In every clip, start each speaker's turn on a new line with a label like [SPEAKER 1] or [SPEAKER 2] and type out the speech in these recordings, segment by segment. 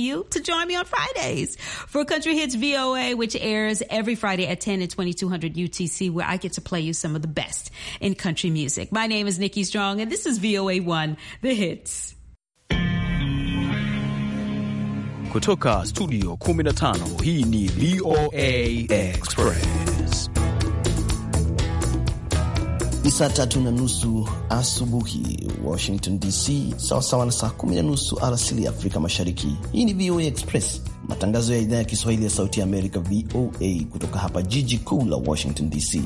[SPEAKER 1] you to join me on Fridays for Country Hits VOA, which airs every Friday at 10 and 2200 UTC, where I get to play you some of the best in country music. My name is Nikki Strong, and this is VOA 1, The Hits.
[SPEAKER 2] Kutoka Studio 15, He ni VOA Express. Ni saa tatu na nusu asubuhi Washington DC, sawasawa na saa kumi na nusu arasili ya Afrika Mashariki. Hii ni VOA Express, matangazo ya idhaa ya Kiswahili ya Sauti ya Amerika, VOA, kutoka hapa jiji kuu la Washington DC.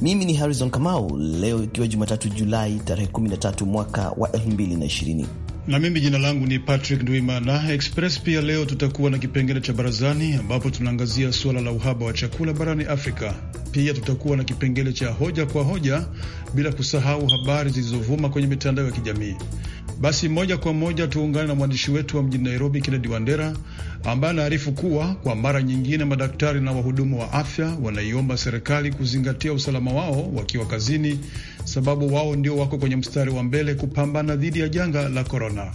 [SPEAKER 2] Mimi ni Harrison Kamau. Leo ikiwa Jumatatu, Julai tarehe 13 mwaka wa 2020
[SPEAKER 3] na mimi jina langu ni Patrick Ndwimana. Express pia leo tutakuwa na kipengele cha barazani, ambapo tunaangazia suala la uhaba wa chakula barani Afrika. Pia tutakuwa na kipengele cha hoja kwa hoja, bila kusahau habari zilizovuma kwenye mitandao ya kijamii. Basi moja kwa moja tuungane na mwandishi wetu wa mjini Nairobi, Kennedy Wandera, ambaye anaarifu kuwa kwa mara nyingine madaktari na wahudumu wa afya wanaiomba serikali kuzingatia usalama wao wakiwa kazini, sababu wao ndio wako kwenye mstari wa mbele kupambana dhidi ya janga la korona.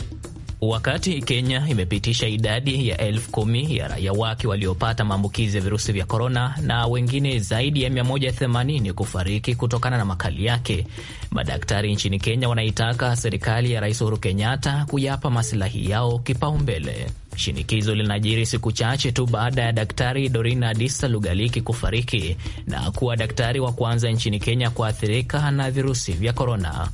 [SPEAKER 4] Wakati Kenya imepitisha idadi ya elfu kumi ya raia wake waliopata maambukizi ya virusi vya korona na wengine zaidi ya 180 kufariki kutokana na makali yake, madaktari nchini Kenya wanaitaka serikali ya Rais Uhuru Kenyatta kuyapa masilahi yao kipaumbele. Shinikizo linajiri siku chache tu baada ya Daktari Dorina Adisa Lugaliki kufariki na kuwa daktari wa kwanza nchini Kenya kuathirika na virusi vya korona.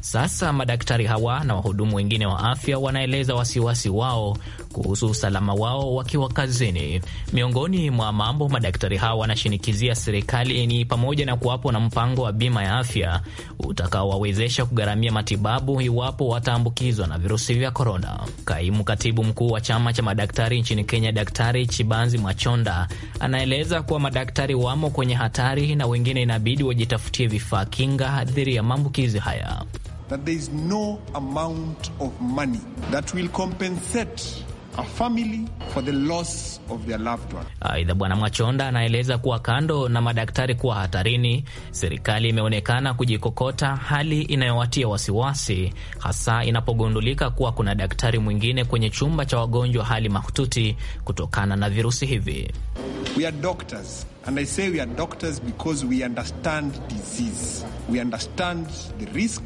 [SPEAKER 4] Sasa madaktari hawa na wahudumu wengine wa afya wanaeleza wasiwasi wao kuhusu usalama wao wakiwa kazini. Miongoni mwa mambo madaktari hawa wanashinikizia serikali ni pamoja na kuwapo na mpango wa bima ya afya utakaowawezesha kugharamia matibabu iwapo wataambukizwa na virusi vya korona. Kaimu katibu mkuu wa chama cha madaktari nchini Kenya, Daktari Chibanzi Mwachonda, anaeleza kuwa madaktari wamo kwenye hatari na wengine inabidi wajitafutie vifaa kinga dhidi ya maambukizi haya.
[SPEAKER 3] That there is no amount of money that will compensate
[SPEAKER 4] Aidha, Bwana Mwachonda anaeleza kuwa kando na madaktari kuwa hatarini, serikali imeonekana kujikokota, hali inayowatia wasiwasi, hasa inapogundulika kuwa kuna daktari mwingine kwenye chumba cha wagonjwa hali mahututi kutokana na virusi hivi.
[SPEAKER 3] We are doctors. And I say we are doctors because we understand disease. We understand the risk.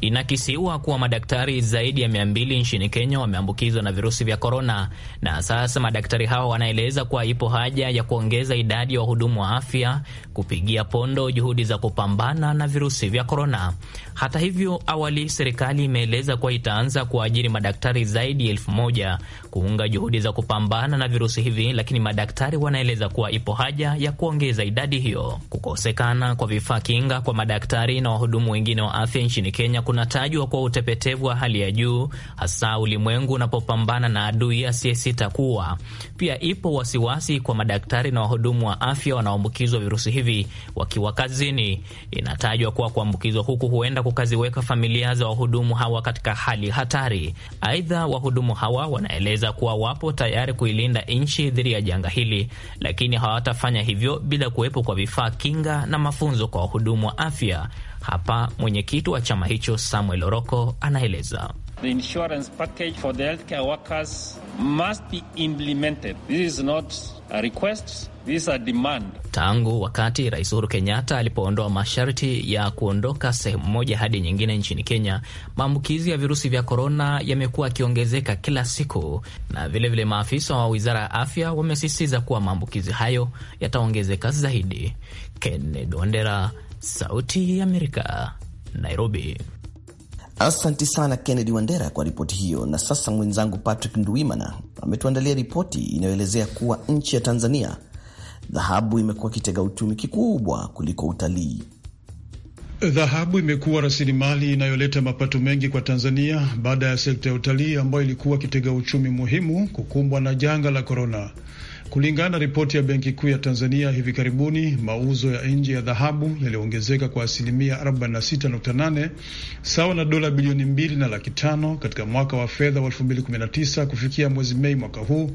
[SPEAKER 4] Inakisiwa kuwa madaktari zaidi ya mia mbili nchini Kenya wameambukizwa na virusi vya korona, na sasa madaktari hao wanaeleza kuwa ipo haja ya kuongeza idadi ya wahudumu wa afya kupigia pondo juhudi za kupambana na virusi vya korona. Hata hivyo, awali serikali imeeleza kuwa itaanza kuajiri madaktari zaidi ya elfu moja kuunga juhudi za kupambana na virusi hivi, lakini madaktari wanaeleza kuwa ipo haja ya kuongeza idadi hiyo. Kukosekana kwa vifaa kinga kwa madaktari na wahudumu wengine wa afya nchini Kenya kunatajwa kuwa utepetevu wa hali ya juu, hasa ulimwengu unapopambana na adui asiyesita kuwa. Pia ipo wasiwasi kwa madaktari na wahudumu wa afya wanaoambukizwa virusi hivi wakiwa kazini. Inatajwa kuwa kuambukizwa huku huenda kukaziweka familia za wahudumu hawa katika hali hatari. Aidha, wahudumu hawa wanaeleza kuwa wapo tayari kuilinda nchi dhidi ya janga hili, lakini hawatafanya hivyo bila kuwepo kwa vifaa kinga na mafunzo kwa wahudumu wa afya. Hapa mwenyekiti wa chama hicho Samuel Oroko anaeleza.
[SPEAKER 5] The insurance package for the healthcare workers must be implemented. This is not a request, demand.
[SPEAKER 4] Tangu wakati Rais Uhuru Kenyatta alipoondoa masharti ya kuondoka sehemu moja hadi nyingine nchini Kenya, maambukizi ya virusi vya korona yamekuwa yakiongezeka kila siku, na vilevile vile maafisa wa Wizara ya Afya wamesisitiza kuwa maambukizi hayo yataongezeka zaidi. Kenneth Wandera, Sauti ya Amerika, Nairobi.
[SPEAKER 2] Asanti sana Kennedy Wandera kwa ripoti hiyo. Na sasa mwenzangu Patrick nduimana ametuandalia ripoti inayoelezea kuwa nchi ya Tanzania dhahabu imekuwa kitega uchumi kikubwa kuliko utalii.
[SPEAKER 3] Dhahabu imekuwa rasilimali inayoleta mapato mengi kwa Tanzania baada ya sekta ya utalii ambayo ilikuwa kitega uchumi muhimu kukumbwa na janga la korona. Kulingana na ripoti ya Benki Kuu ya Tanzania hivi karibuni, mauzo ya nje ya dhahabu yaliongezeka kwa asilimia 46.8 sawa na dola bilioni mbili na laki tano katika mwaka wa fedha wa 2019 kufikia mwezi Mei mwaka huu,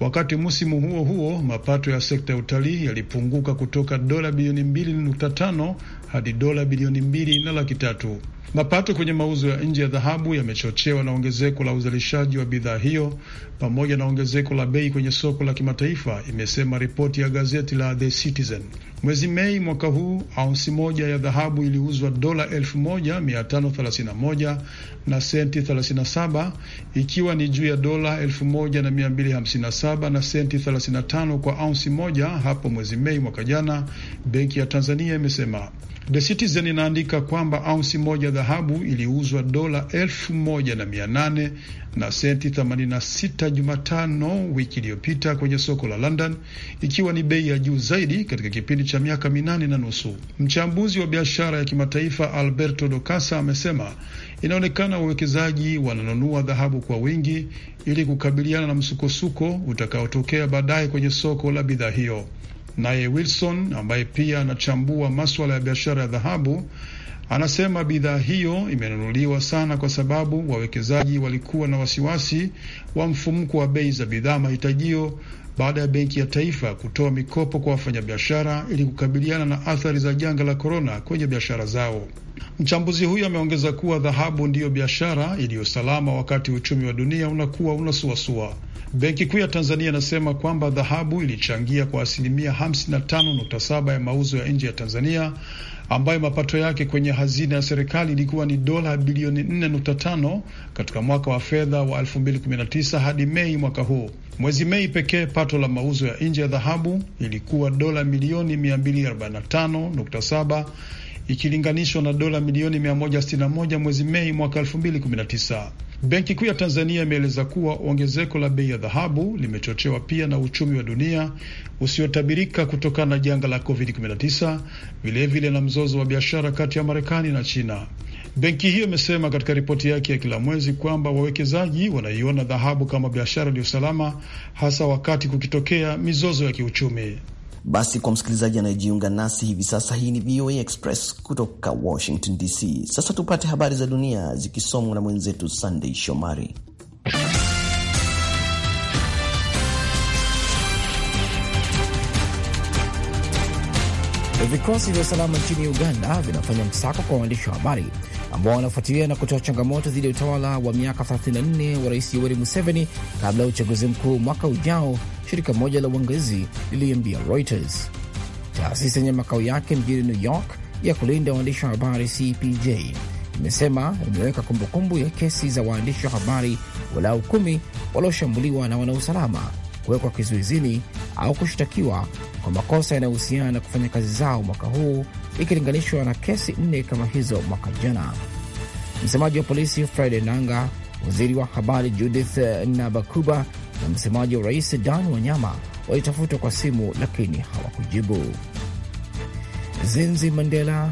[SPEAKER 3] wakati msimu huo huo mapato ya sekta ya utalii yalipunguka kutoka dola bilioni 2.5 hadi dola bilioni mbili na laki tatu. Mapato kwenye mauzo ya nje ya dhahabu yamechochewa na ongezeko la uzalishaji wa bidhaa hiyo pamoja na ongezeko la bei kwenye soko la kimataifa, imesema ripoti ya gazeti la The Citizen. Mwezi Mei mwaka huu, aunsi moja ya dhahabu iliuzwa dola 1531 na senti 37, ikiwa ni juu ya dola 1257 na senti 35 kwa aunsi moja hapo mwezi Mei mwaka jana, benki ya Tanzania imesema. The Citizen inaandika kwamba aunsi moja dhahabu iliuzwa dola elfu moja na mia nane na senti 86 Jumatano wiki iliyopita kwenye soko la London, ikiwa ni bei ya juu zaidi katika kipindi cha miaka minane na nusu. Mchambuzi wa biashara ya kimataifa Alberto Docasa amesema inaonekana wawekezaji wananunua dhahabu kwa wingi ili kukabiliana na msukosuko utakaotokea baadaye kwenye soko la bidhaa hiyo. Naye Wilson ambaye pia anachambua maswala ya biashara ya dhahabu Anasema bidhaa hiyo imenunuliwa sana kwa sababu wawekezaji walikuwa na wasiwasi wa mfumuko wa bei za bidhaa mahitajio baada ya Benki ya Taifa kutoa mikopo kwa wafanyabiashara ili kukabiliana na athari za janga la korona kwenye biashara zao. Mchambuzi huyo ameongeza kuwa dhahabu ndiyo biashara iliyosalama wakati uchumi wa dunia unakuwa unasuasua. Benki Kuu ya Tanzania inasema kwamba dhahabu ilichangia kwa asilimia 55.7 ya mauzo ya nje ya Tanzania, ambayo mapato yake kwenye hazina ya serikali ilikuwa ni dola bilioni 4.5 katika mwaka wa fedha wa 2019 hadi Mei mwaka huu. Mwezi Mei pekee pato la mauzo ya nje ya dhahabu ilikuwa dola milioni 245.7 ikilinganishwa na dola milioni 161 mwezi Mei mwaka 2019. Benki Kuu ya Tanzania imeeleza kuwa ongezeko la bei ya dhahabu limechochewa pia na uchumi wa dunia usiotabirika kutokana na janga la COVID-19, vilevile na mzozo wa biashara kati ya Marekani na China. Benki hiyo imesema katika ripoti yake ya kila mwezi kwamba wawekezaji wanaiona dhahabu kama biashara iliyosalama hasa wakati kukitokea mizozo ya kiuchumi.
[SPEAKER 2] Basi kwa msikilizaji anayejiunga nasi hivi sasa, hii ni VOA
[SPEAKER 3] Express
[SPEAKER 2] kutoka Washington DC. Sasa tupate habari za dunia zikisomwa na mwenzetu sandey Shomari.
[SPEAKER 6] Vikosi vya usalama nchini Uganda vinafanya msako kwa waandishi wa habari ambao wanafuatilia na kutoa changamoto dhidi ya utawala wa miaka 34 wa Rais Yoweri Museveni kabla ya uchaguzi mkuu mwaka ujao, shirika moja la uangalizi liliambia Reuters. Taasisi yenye makao yake mjini New York ya kulinda waandishi wa habari CPJ imesema imeweka kumbukumbu ya kesi za waandishi wa habari walau kumi walioshambuliwa na wanausalama kuwekwa kizuizini au kushtakiwa kwa makosa yanayohusiana na kufanya kazi zao mwaka huu ikilinganishwa na kesi nne kama hizo mwaka jana. Msemaji wa polisi Fred Nanga, waziri wa habari Judith Nabakuba na msemaji wa rais Dan Wanyama walitafutwa kwa simu lakini hawakujibu. Zinzi Mandela,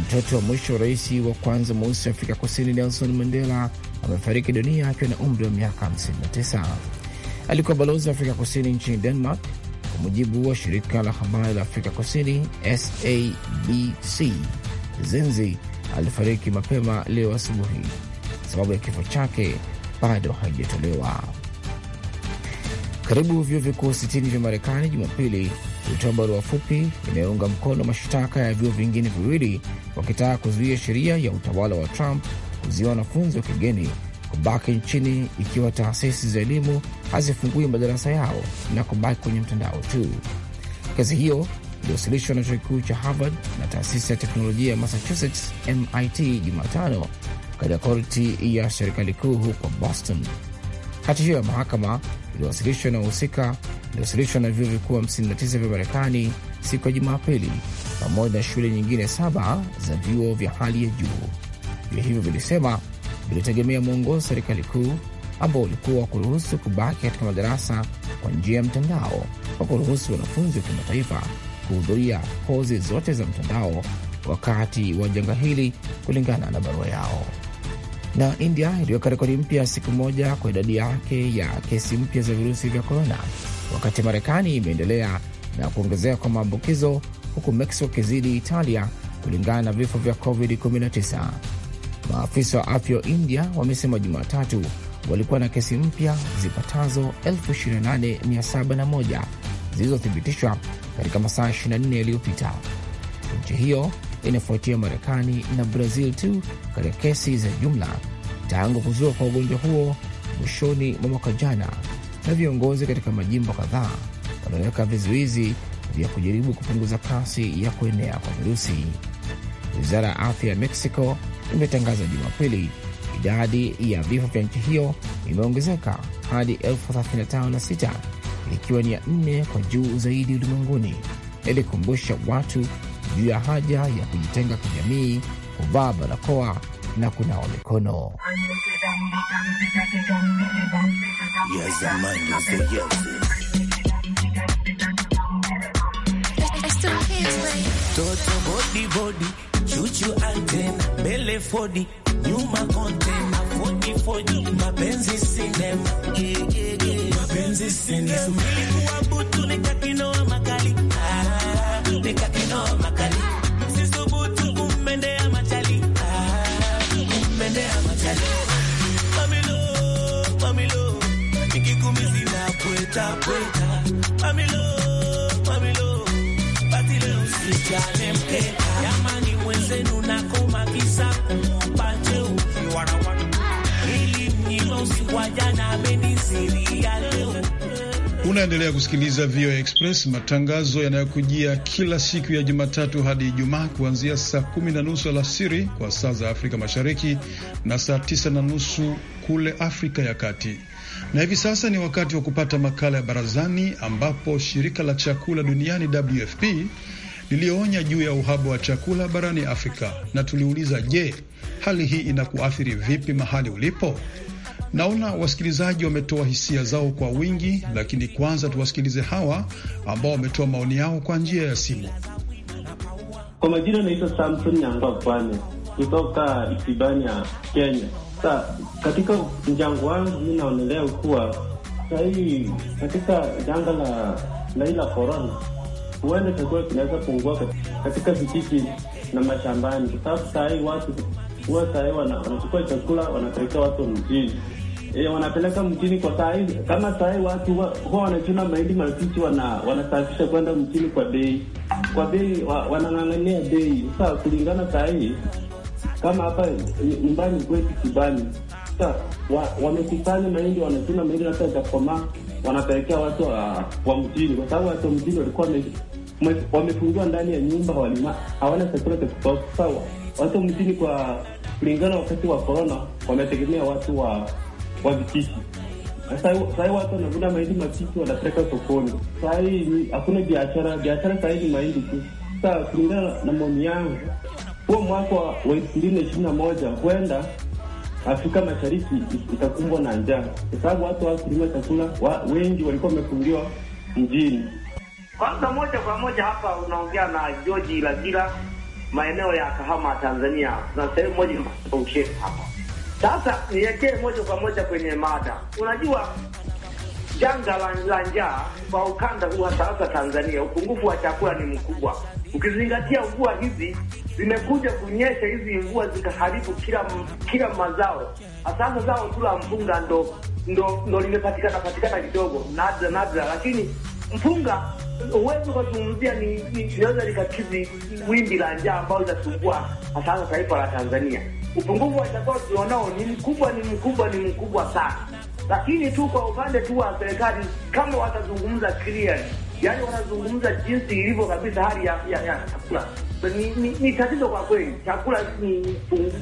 [SPEAKER 6] mtoto wa mwisho wa rais wa kwanza mweusi wa Afrika Kusini Nelson Mandela, amefariki dunia akiwa na umri wa miaka 59 alikuwa balozi wa Afrika Kusini nchini Denmark, kwa mujibu wa shirika la habari la Afrika Kusini SABC. Zenzi alifariki mapema leo asubuhi. Sababu ya kifo chake bado haijatolewa. Karibu vyuo vikuu 60 vya Marekani Jumapili vilitoa barua fupi inayounga mkono mashtaka ya vyuo vingine viwili wakitaka kuzuia sheria ya utawala wa Trump kuzuia wanafunzi wa kigeni kubaki nchini ikiwa taasisi za elimu hazifungui madarasa yao na kubaki kwenye mtandao tu. Kazi hiyo iliwasilishwa na chuo kikuu cha Harvard na taasisi ya teknolojia ya Massachusetts MIT Jumatano katika korti ya serikali kuu huko Boston. Hati hiyo ya mahakama iliwasilishwa na wahusika iliwasilishwa na vyuo vikuu 59 vya Marekani siku ya Jumapili pamoja na shule nyingine saba za vyuo vya hali ya juu. Vyuo hivyo vilisema ilitegemea mwongozo wa serikali kuu ambao ulikuwa wa kuruhusu kubaki katika madarasa kwa njia ya mtandao kwa kuruhusu wanafunzi wa kimataifa kuhudhuria kozi zote za mtandao wakati wa janga hili, kulingana na barua yao. Na India iliweka rekodi mpya siku moja kwa idadi yake ya kesi mpya za virusi vya korona, wakati Marekani imeendelea na kuongezeka kwa maambukizo, huku Mexico ikizidi Italia kulingana na vifo vya COVID-19. Maafisa wa afya wa India wamesema Jumatatu walikuwa na kesi mpya zipatazo 28701 zilizothibitishwa katika masaa 24 yaliyopita. Nchi hiyo inafuatia Marekani na Brazil tu katika kesi za jumla tangu kuzua kwa ugonjwa huo mwishoni mwa mwaka jana, na viongozi katika majimbo kadhaa wameweka vizuizi vya kujaribu kupunguza kasi ya kuenea kwa virusi. Wizara ya afya ya Mexico imetangaza Jumapili idadi ya vifo vya nchi hiyo imeongezeka hadi elfu ikiwa ni ya nne kwa juu zaidi ulimwenguni, ilikumbusha watu juu ya haja ya kujitenga kwa jamii, kuvaa barakoa na kunawa mikono
[SPEAKER 7] chuchu antena, mbele fodi, nyuma kontena, fodi fodi, mapenzi sinema, mapenzi sinema, nilikuwa butu nikakinoa makali, ah, nikakinoa makali
[SPEAKER 3] Unaendelea kusikiliza VOA Express, matangazo yanayokujia kila siku ya Jumatatu hadi Ijumaa, kuanzia saa kumi na nusu alasiri kwa saa za Afrika Mashariki na saa tisa na nusu kule Afrika ya Kati. Na hivi sasa ni wakati wa kupata makala ya Barazani, ambapo shirika la chakula duniani WFP liliyoonya juu ya uhaba wa chakula barani Afrika, na tuliuliza je, hali hii inakuathiri vipi mahali ulipo? Naona wasikilizaji wametoa hisia zao kwa wingi, lakini kwanza tuwasikilize hawa ambao wametoa maoni yao kwa njia ya simu. Kwa majina naitwa Samson Nyangwa
[SPEAKER 5] Bwane kutoka Isibania, Kenya. Sa, katika mjango wangu mi naonelea kuwa sahii katika janga la la ila korona, huenda chakula kinaweza pungua katika vijiji na mashambani, kwa sababu sahii watu huwa sahii wanachukua chakula wanapelekea watu mjini e, wanapeleka mjini kwa saa sahi. Kama sahi watu huwa wanachuna mahindi mabichi wana, wanasafisha kwenda mjini kwa bei kwa bei wa, wanang'ang'ania bei sa kulingana saa hii kama hapa eh, nyumbani kwetu Kibani sa wamekusanya wa mahindi wanachuna mahindi hata ikakomaa wanapelekea watu wa, wa mjini kwa sababu watu wa mjini walikuwa wamefungiwa ndani ya nyumba, walima hawana chakula cha kutosha. Sawa, watu mjini kwa kulingana wakati wa korona wametegemea watu wa kwa sai watu wanavuna mahindi matiki wanapeleka sokoni. Sahii hakuna biashara, biashara sahii ni mahindi tu. Sasa kulingana na maoni yangu, huo mwaka wa elfu mbili na ishirini na moja huenda Afrika Mashariki itakumbwa na njaa kwa sababu watu wa kulima chakula wa, wengi walikuwa wamefungiwa mjini.
[SPEAKER 8] Kwanza moja kwa moja hapa unaongea na George Lagila, maeneo ya Kahama, Tanzania, na sehemu moja ya hapa sasa nielekee moja kwa moja kwenye mada. Unajua janga la njaa kwa ukanda huu hasa hasa Tanzania, upungufu wa chakula ni mkubwa, ukizingatia mvua hizi zimekuja kunyesha, hizi mvua zikaharibu kila kila mazao, hasa hasa zao tu la mpunga ndo ndo, ndo limepatikana patikana kidogo, nadra nadra, lakini mpunga huwezi ukazungumzia linaweza likakidhi wimbi la njaa ambayo inasumbua hasa hasa taifa la Tanzania. Upungufu wa chakula tulionao ni mkubwa, ni mkubwa, ni mkubwa sana, lakini tu kwa upande tu wa serikali, kama watazungumza clearly, yani watazungumza jinsi ilivyo kabisa hali ya chakula ni, ni, ni tatizo kwa kweli. Chakula ni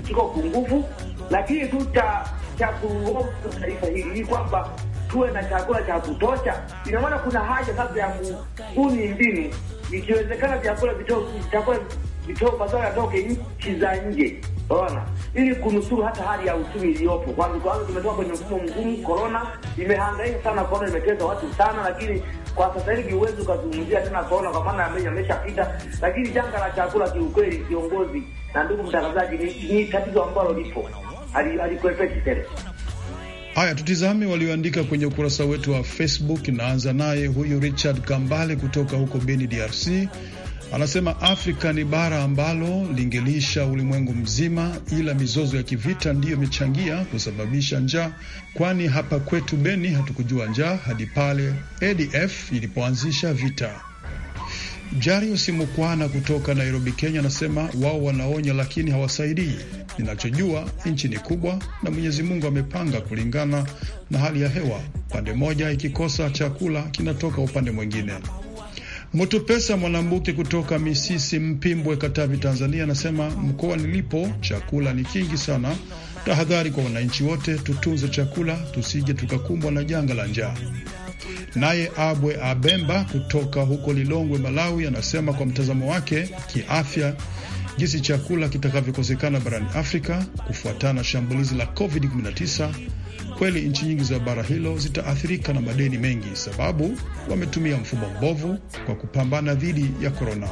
[SPEAKER 8] kiko pungufu, lakini tu cha cha kuoa taifa hili ni kwamba tuwe na chakula cha kutosha. Ina maana kuna haja sasa ya kubuni mbinu, ikiwezekana vyakula vitoke vitoe mazao yatoke nchi za nje, unaona, ili kunusuru hata hali ya uchumi iliyopo. Kwa sababu tumetoka kwenye mfumo mgumu, corona imehangaika sana, corona imeteza watu sana, lakini kwa sasa hivi huwezi ukazungumzia tena corona kwa maana yameshapita, lakini janga la chakula kiukweli, kiongozi na ndugu mtangazaji, ni tatizo ambalo lipo alikuepeki tena
[SPEAKER 3] Haya, tutizame walioandika kwenye ukurasa wetu wa Facebook. Naanza naye huyu Richard Kambale kutoka huko Beni, DRC. Anasema Afrika ni bara ambalo lingelisha ulimwengu mzima, ila mizozo ya kivita ndiyo imechangia kusababisha njaa, kwani hapa kwetu Beni hatukujua njaa hadi pale ADF ilipoanzisha vita. Jarius mukwana kutoka Nairobi, Kenya, anasema wao wanaonya lakini hawasaidii. Ninachojua nchi ni kubwa na Mwenyezi Mungu amepanga kulingana na hali ya hewa. Pande moja ikikosa chakula kinatoka upande mwingine. Mutupesa Mwanambuke kutoka Misisi Mpimbwe, Katavi, Tanzania, anasema mkoa nilipo chakula ni kingi sana. Tahadhari kwa wananchi wote, tutunze chakula tusije tukakumbwa na janga la njaa. Naye Abwe Abemba kutoka huko Lilongwe, Malawi, anasema kwa mtazamo wake kiafya, jinsi chakula kitakavyokosekana barani Afrika kufuatana na shambulizi la COVID-19, kweli nchi nyingi za bara hilo zitaathirika na madeni mengi, sababu wametumia mfumo mbovu kwa kupambana dhidi ya korona.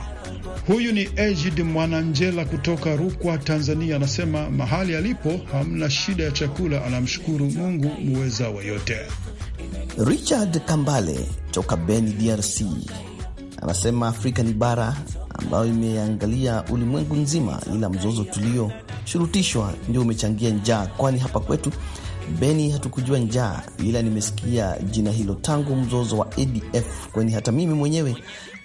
[SPEAKER 3] Huyu ni Ejid Mwananjela kutoka Rukwa, Tanzania, anasema mahali alipo hamna shida ya chakula, anamshukuru Mungu muweza wa yote.
[SPEAKER 2] Richard Kambale toka Beni, DRC, anasema Afrika ni bara ambayo imeangalia ulimwengu nzima, ila mzozo tulioshurutishwa ndio umechangia njaa, kwani hapa kwetu Beni hatukujua njaa, ila nimesikia jina hilo tangu mzozo wa ADF, kwani hata mimi mwenyewe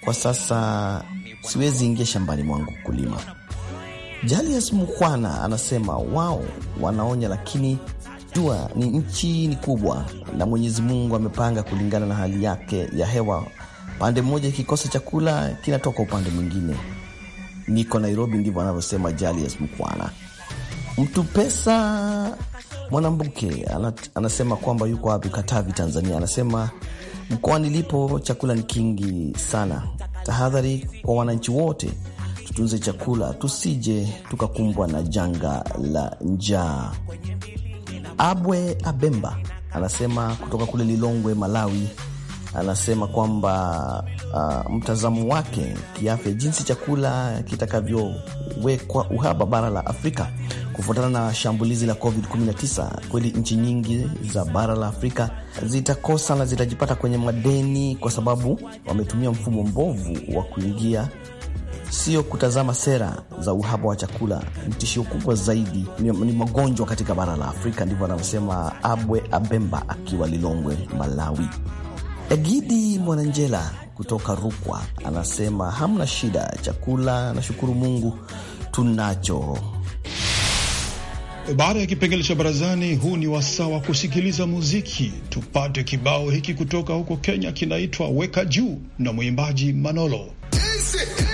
[SPEAKER 2] kwa sasa siwezi ingia shambani mwangu kulima. Jalias Mukwana anasema wao wanaonya, lakini Jua ni nchi ni kubwa, na Mwenyezi Mungu amepanga kulingana na hali yake ya hewa. Pande mmoja ikikosa chakula kinatoka upande mwingine. Niko Nairobi, ndivyo anavyosema Julius Mkwana. Mtu pesa mwanambuke anasema kwamba yuko wapi? Katavi, Tanzania. Anasema mkoa nilipo chakula ni kingi sana. Tahadhari kwa wananchi wote, tutunze chakula tusije tukakumbwa na janga la njaa. Abwe Abemba anasema kutoka kule Lilongwe, Malawi. Anasema kwamba uh, mtazamo wake kiafya, jinsi chakula kitakavyowekwa uhaba bara la Afrika kufuatana na shambulizi la COVID-19. Kweli nchi nyingi za bara la Afrika zitakosa na zitajipata kwenye madeni, kwa sababu wametumia mfumo mbovu wa kuingia sio kutazama sera za uhaba wa chakula. Ni tishio kubwa zaidi, ni, ni magonjwa katika bara la Afrika. Ndivyo anavyosema Abwe Abemba akiwa Lilongwe, Malawi. Egidi Mwananjela kutoka Rukwa anasema hamna shida, chakula nashukuru Mungu tunacho.
[SPEAKER 3] Baada ya kipengele cha barazani, huu ni wasaa wa kusikiliza muziki. Tupate kibao hiki kutoka huko Kenya, kinaitwa weka juu na mwimbaji Manolo
[SPEAKER 1] Isi.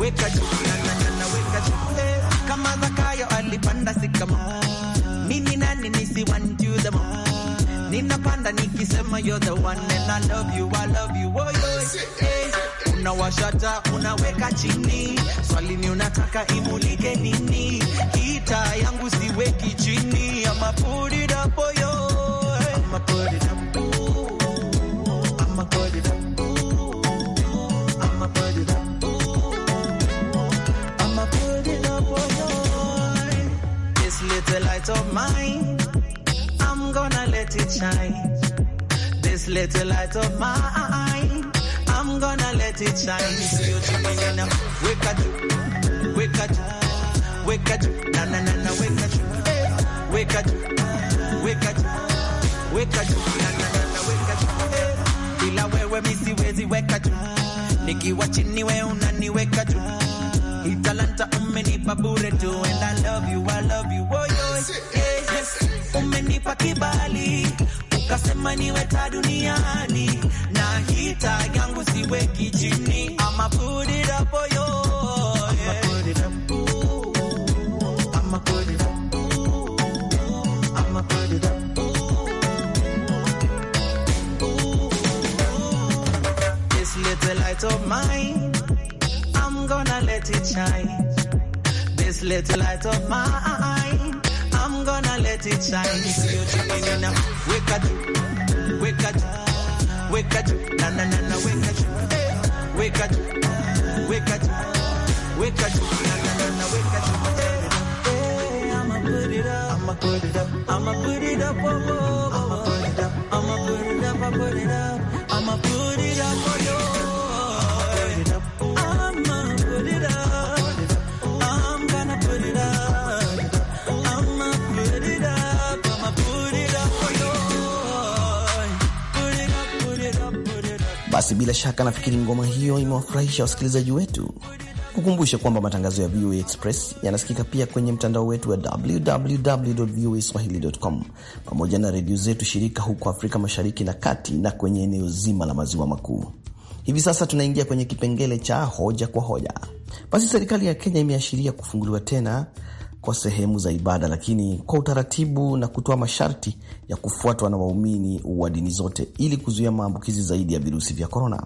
[SPEAKER 7] weka kama Zakayo alipanda sikama, mimi nani nisiwanjuza ninapanda nikisema you're the one and I love you, I love you, oh, oh, Unawashata unaweka chini, swali ni unataka imulike nini? Ita yangu siweki chini, ama put it up, oh, yo, ama put it up the light of mine. I'm gonna let it shine. This little light of mine. I'm gonna let it shine. Wake up, wake up, wake up, na na na na, wake up, wake up, wake up, wake up, na na na na, wake up. Ila wewe mimi siwezi weka tu, nikiwa chini wewe unaniweka tu Hii talanta umenipa bure tu and I love you, I love you, oh yeah. Umenipa kibali ukasema niwe ta duniani na hita yangu siweki chini, ama put it up, oh yeah. of mine let it shine. This little light of mine, I'm gonna let it shine. If you dreaming in a wake up, wake up, wake up, na na na na, wake up, wake up, wake up, wake up, na na na na, wake up. i up, I'ma put it up, I'ma put it up, I'ma put it up, I'ma put it up, I'ma put it up, I'ma put it up for you.
[SPEAKER 2] Basi bila shaka nafikiri ngoma hiyo imewafurahisha wasikilizaji wetu. Kukumbusha kwamba matangazo ya VOA Express yanasikika pia kwenye mtandao wetu wa www voa swahili.com pamoja na redio zetu shirika huko Afrika Mashariki na Kati na kwenye eneo zima la maziwa makuu. Hivi sasa tunaingia kwenye kipengele cha hoja kwa hoja. Basi serikali ya Kenya imeashiria kufunguliwa tena kwa sehemu za ibada, lakini kwa utaratibu na kutoa masharti ya kufuatwa na waumini wa dini zote ili kuzuia maambukizi zaidi ya virusi vya korona.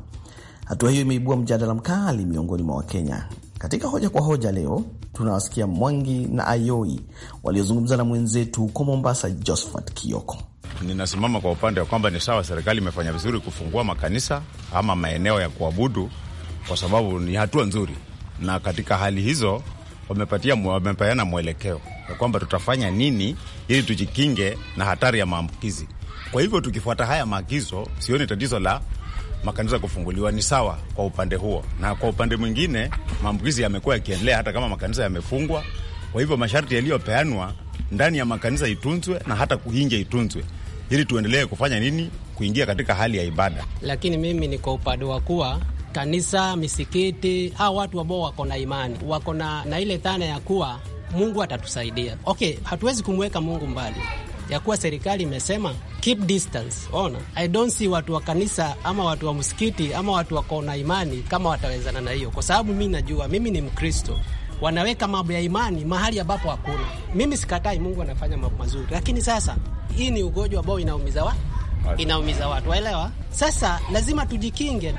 [SPEAKER 2] Hatua hiyo imeibua mjadala mkali miongoni mwa Wakenya. Katika hoja kwa hoja leo tunawasikia Mwangi na Ayoi waliozungumza na mwenzetu huko Mombasa, Josphat Kioko.
[SPEAKER 9] Ninasimama kwa upande wa kwamba ni sawa, serikali imefanya vizuri kufungua makanisa ama maeneo ya kuabudu, kwa sababu ni hatua nzuri, na katika hali hizo wamepatia wamepeana mwelekeo ya kwamba tutafanya nini ili tujikinge na hatari ya maambukizi. Kwa hivyo tukifuata haya maagizo, sioni tatizo la makanisa kufunguliwa, ni sawa kwa upande huo, na kwa upande mwingine maambukizi yamekuwa yakiendelea hata kama makanisa yamefungwa. Kwa hivyo masharti yaliyopeanwa ndani ya makanisa itunzwe na hata kuinje itunzwe, ili tuendelee kufanya nini, kuingia katika hali ya ibada.
[SPEAKER 10] Lakini mimi ni kwa upande wa kuwa kanisa, misikiti, hao watu ambao wako na imani, wako na na ile dhana ya kuwa Mungu atatusaidia. Okay, hatuwezi kumweka Mungu mbali ya kuwa serikali imesema keep distance. Ona, I don't see watu wa kanisa ama watu wa msikiti ama watu wako na imani kama watawezana na hiyo, kwa sababu mi najua mimi ni Mkristo. Wanaweka mambo ya imani mahali ambapo hakuna. Mimi sikatai, Mungu anafanya mambo mazuri, lakini sasa hii ni ugonjwa ambao inaumiza wa inaumiza watu, waelewa? Sasa lazima tujikinge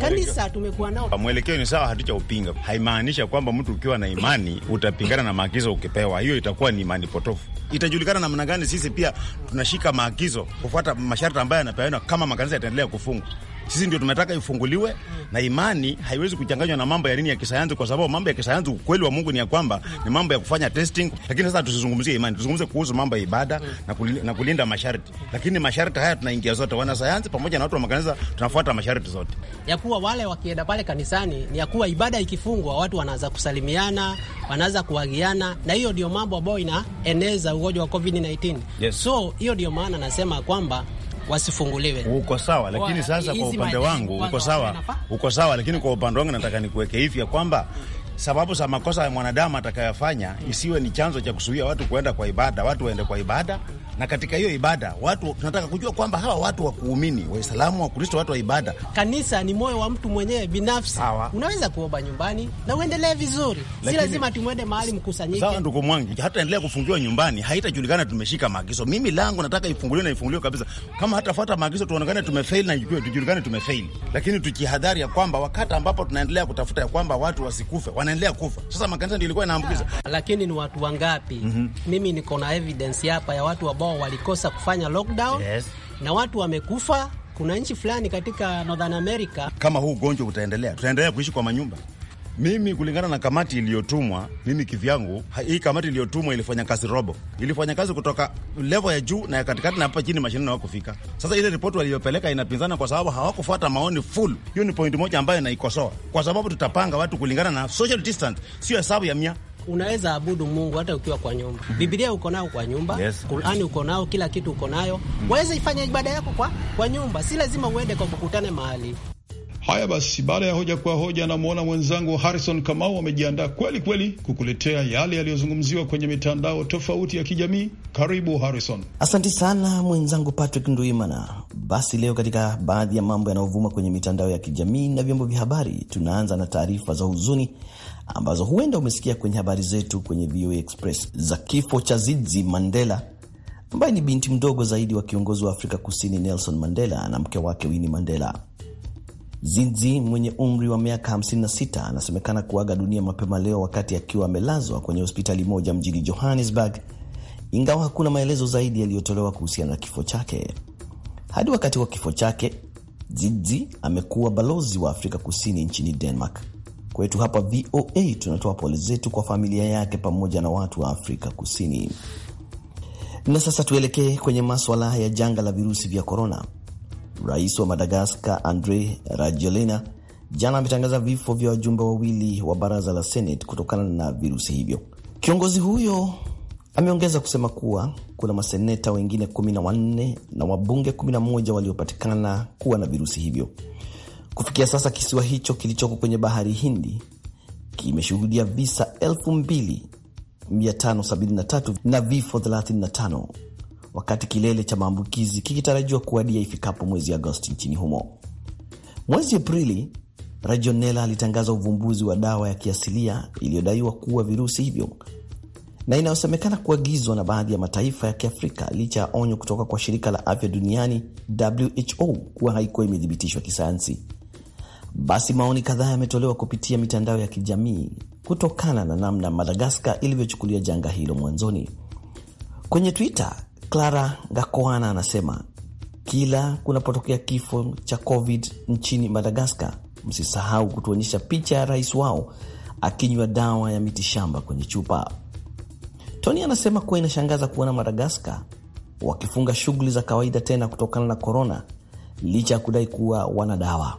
[SPEAKER 10] kanisa tumekuwa
[SPEAKER 9] nao. Mwelekeo ni sawa, hatucha upinga Haimaanisha kwamba mtu ukiwa na imani utapingana na maagizo ukipewa, hiyo itakuwa ni imani potofu. Itajulikana namna gani sisi pia tunashika maagizo kufuata masharti ambayo yanapeanwa, kama makanisa yataendelea kufungwa. Sisi ndio tunataka ifunguliwe na imani haiwezi kuchanganywa na mambo ya nini ya kisayansi, kwa sababu mambo ya kisayansi, ukweli wa Mungu ni ya kwamba ni mambo ya kufanya testing. Lakini sasa tusizungumzie imani, tuzungumze kuhusu mambo ya ibada na, kulinda, na kulinda masharti. Lakini masharti haya tunaingia zote, wanasayansi pamoja na watu wa makanisa tunafuata masharti zote,
[SPEAKER 10] ya kuwa wale wakienda pale kanisani ni ya kuwa ibada ikifungwa, watu wanaanza kusalimiana, wanaanza kuagiana, na hiyo ndio mambo ambayo inaeneza ugonjwa wa COVID-19. Yes. So hiyo ndio maana nasema kwamba
[SPEAKER 9] wasifunguliwe. Uko sawa, lakini sasa kwa upande wangu uko sawa, uko sawa, lakini kwa upande wangu nataka nikuweke hivi ya kwamba sababu za makosa ya mwanadamu atakayofanya isiwe ni chanzo cha kusuhia watu kuenda kwa ibada. Watu waende kwa ibada mm na katika hiyo ibada watu tunataka kujua kwamba hawa watu wa kuumini, Waislamu, Wakristo, watu wa ibada. Kanisa ni moyo wa mtu mwenyewe binafsi. Sawa.
[SPEAKER 10] Unaweza kuomba nyumbani na uendelee vizuri, si lazima tumwende mahali mkusanyike. Sawa, ndugu mwangi,
[SPEAKER 9] hata endelea kufungiwa nyumbani, haitajulikana tumeshika maagizo. Mimi lango nataka ifunguliwe na ifunguliwe kabisa, kama hatafuata maagizo tuonekane tumefail na ijue, tujulikane tumefail, lakini tukihadhari ya kwamba wakati ambapo tunaendelea kutafuta ya kwamba watu wasikufe, wanaendelea kufa. Sasa makanisa ndio ilikuwa inaambukiza,
[SPEAKER 10] lakini ni watu wangapi? mm -hmm. Mimi niko na evidence hapa ya watu wa ambao walikosa kufanya lockdown yes. na watu wamekufa. Kuna nchi fulani katika Northern America,
[SPEAKER 9] kama huu ugonjwa utaendelea, tutaendelea kuishi kwa manyumba. Mimi kulingana na kamati iliyotumwa, mimi kivyangu, hii kamati iliyotumwa ilifanya kazi robo, ilifanya kazi kutoka levo ya juu na ya katikati na hapa chini mashinani hawakufika. Sasa ile ripoti waliyopeleka inapinzana kwa sababu hawakufuata maoni full. Hiyo ni pointi moja ambayo naikosoa, kwa sababu tutapanga watu kulingana na social distance, sio hesabu ya mia unaweza abudu Mungu
[SPEAKER 10] hata ukiwa kwa nyumba. Mhm. Biblia uko nayo kwa nyumba, Qur'ani uko nayo, kila kitu uko nayo, waweza mhm. ifanya ibada yako kwa, kwa nyumba. Si lazima uende kwa kukutane mahali
[SPEAKER 3] Haya basi, baada ya hoja kwa hoja, anamwona mwenzangu Harrison Kamau amejiandaa kweli kweli kukuletea yale yaliyozungumziwa kwenye mitandao tofauti ya kijamii. Karibu Harrison.
[SPEAKER 2] Asante sana mwenzangu Patrick Ndwimana. Basi leo katika baadhi ya mambo yanayovuma kwenye mitandao ya kijamii na vyombo vya habari, tunaanza na taarifa za huzuni ambazo huenda umesikia kwenye habari zetu kwenye VOA Express za kifo cha Zidzi Mandela ambaye ni binti mdogo zaidi wa kiongozi wa Afrika Kusini Nelson Mandela na mke wake Winnie Mandela. Zinzi mwenye umri wa miaka 56 anasemekana kuaga dunia mapema leo wakati akiwa amelazwa kwenye hospitali moja mjini Johannesburg, ingawa hakuna maelezo zaidi yaliyotolewa kuhusiana na kifo chake. Hadi wakati wa kifo chake, Zinzi amekuwa balozi wa Afrika Kusini nchini Denmark. Kwetu hapa VOA tunatoa pole zetu kwa familia yake pamoja na watu wa Afrika Kusini. Na sasa tuelekee kwenye maswala ya janga la virusi vya korona. Rais wa Madagaskar Andre Rajoelina jana ametangaza vifo vya wajumbe wawili wa baraza la Senate kutokana na virusi hivyo. Kiongozi huyo ameongeza kusema kuwa kuna maseneta wengine 14 na wabunge 11 waliopatikana kuwa na virusi hivyo. Kufikia sasa kisiwa hicho kilichoko kwenye bahari Hindi kimeshuhudia visa 2573 na vifo 35 wakati kilele cha maambukizi kikitarajiwa kuadia ifikapo mwezi Agosti nchini humo. Mwezi Aprili, Rajonela alitangaza uvumbuzi wa dawa ya kiasilia iliyodaiwa kuua virusi hivyo na inayosemekana kuagizwa na baadhi ya mataifa ya Kiafrika licha ya onyo kutoka kwa shirika la afya duniani WHO kuwa haikuwa imethibitishwa kisayansi. Basi maoni kadhaa yametolewa kupitia mitandao ya kijamii kutokana na namna Madagaskar ilivyochukulia janga hilo mwanzoni. Kwenye Twitter, Clara Gakoana anasema kila kunapotokea kifo cha COVID nchini Madagaskar, msisahau kutuonyesha picha ya rais wao akinywa dawa ya mitishamba kwenye chupa. Tony anasema kuwa inashangaza kuona Madagaskar wakifunga shughuli za kawaida tena kutokana na korona, licha ya kudai kuwa wana dawa.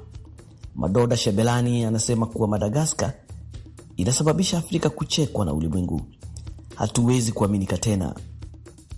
[SPEAKER 2] Madoda Shebelani anasema kuwa Madagaskar inasababisha Afrika kuchekwa na ulimwengu. Hatuwezi kuaminika tena,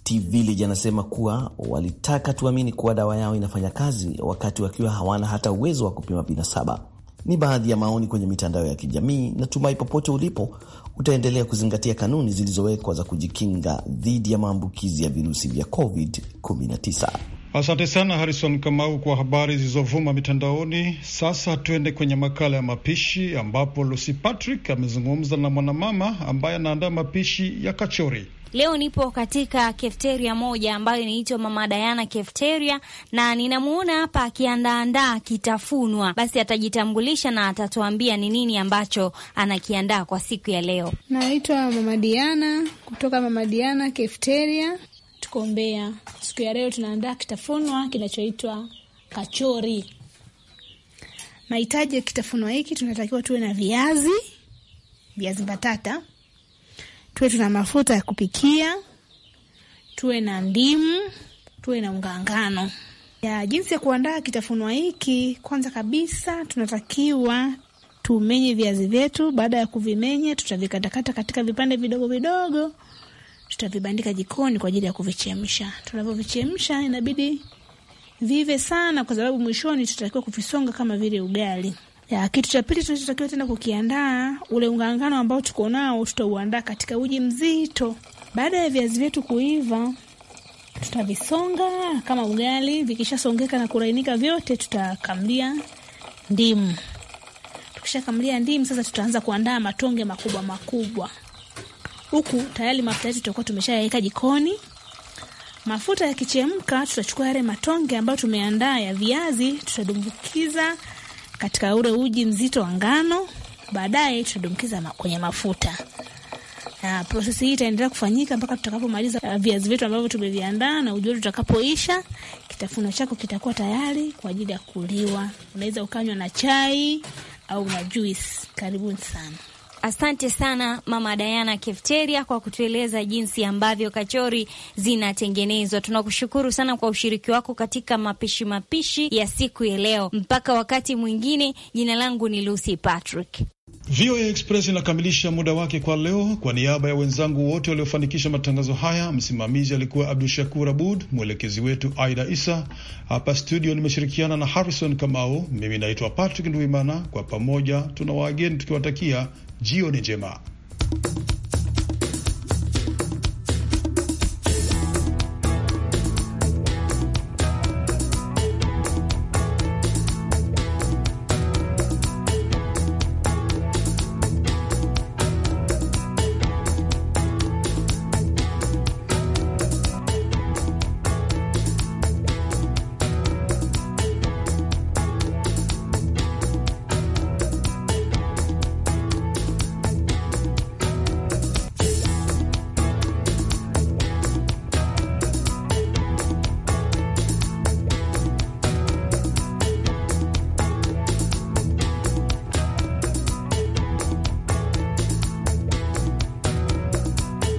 [SPEAKER 2] Steve Village anasema kuwa walitaka tuamini kuwa dawa yao inafanya kazi wakati wakiwa hawana hata uwezo wa kupima vinasaba. Ni baadhi ya maoni kwenye mitandao ya kijamii. Natumai popote ulipo utaendelea kuzingatia kanuni zilizowekwa za kujikinga dhidi ya maambukizi ya virusi vya COVID-19.
[SPEAKER 3] Asante sana Harrison Kamau kwa habari zilizovuma mitandaoni. Sasa tuende kwenye makala ya mapishi ambapo Lucy Patrick amezungumza na mwanamama ambaye anaandaa mapishi ya kachori.
[SPEAKER 1] Leo nipo katika kefteria moja ambayo inaitwa Mama Dayana Kefteria, na ninamuona hapa akiandaandaa kitafunwa. Basi atajitambulisha na atatuambia ni nini ambacho anakiandaa kwa siku ya leo. Naitwa Mama Diana kutoka Mama Diana Kefteria, tuko Mbeya. Siku ya leo tunaandaa kitafunwa kinachoitwa kachori. Mahitaji ya kitafunwa hiki, tunatakiwa tuwe na viazi, viazi mbatata tuwe tuna mafuta ya kupikia, tuwe na ndimu, tuwe na unga ngano. Ya jinsi ya kuandaa kitafunwa hiki, kwanza kabisa tunatakiwa tumenye viazi vyetu. Baada ya kuvimenya, tutavikatakata katika vipande vidogo vidogo, tutavibandika jikoni kwa ajili ya kuvichemsha. Tunavyovichemsha inabidi vive sana, kwa sababu mwishoni tutatakiwa kuvisonga kama vile ugali. Ya, kitu cha pili tunachotakiwa tena kukiandaa, ule ungangano ambao tuko nao tutauandaa katika uji mzito. Baada ya viazi vyetu kuiva, tutavisonga kama ugali. Vikishasongeka na kurainika vyote, tutakamlia ndimu. Tukishakamlia ndimu, sasa tutaanza kuandaa matonge makubwa makubwa. Huku tayari mafuta yetu tutakuwa tumeshayaweka jikoni. Mafuta yakichemka, tutachukua yale matonge ambayo tumeandaa ya viazi, tutadumbukiza katika ule uji mzito wa ngano. Baadaye tutadumkiza kwenye mafuta na prosesi hii itaendelea kufanyika mpaka tutakapomaliza uh, viazi vyetu ambavyo tumeviandaa na uji wetu utakapoisha, kitafuno chako kitakuwa tayari kwa ajili ya kuliwa. Unaweza ukanywa na chai au na juisi. Karibuni sana. Asante sana Mama Dayana Kefteria kwa kutueleza jinsi ambavyo kachori zinatengenezwa. Tunakushukuru sana kwa ushiriki wako katika mapishi mapishi ya siku ya leo. Mpaka wakati mwingine, jina langu ni Lucy Patrick.
[SPEAKER 3] VOA Express inakamilisha muda wake kwa leo. Kwa niaba ya wenzangu wote waliofanikisha matangazo haya, msimamizi alikuwa Abdu Shakur Abud, mwelekezi wetu Aida Isa. Hapa studio nimeshirikiana na Harrison Kamau. Mimi naitwa Patrick Ndwimana. Kwa pamoja tuna wageni tukiwatakia jioni njema.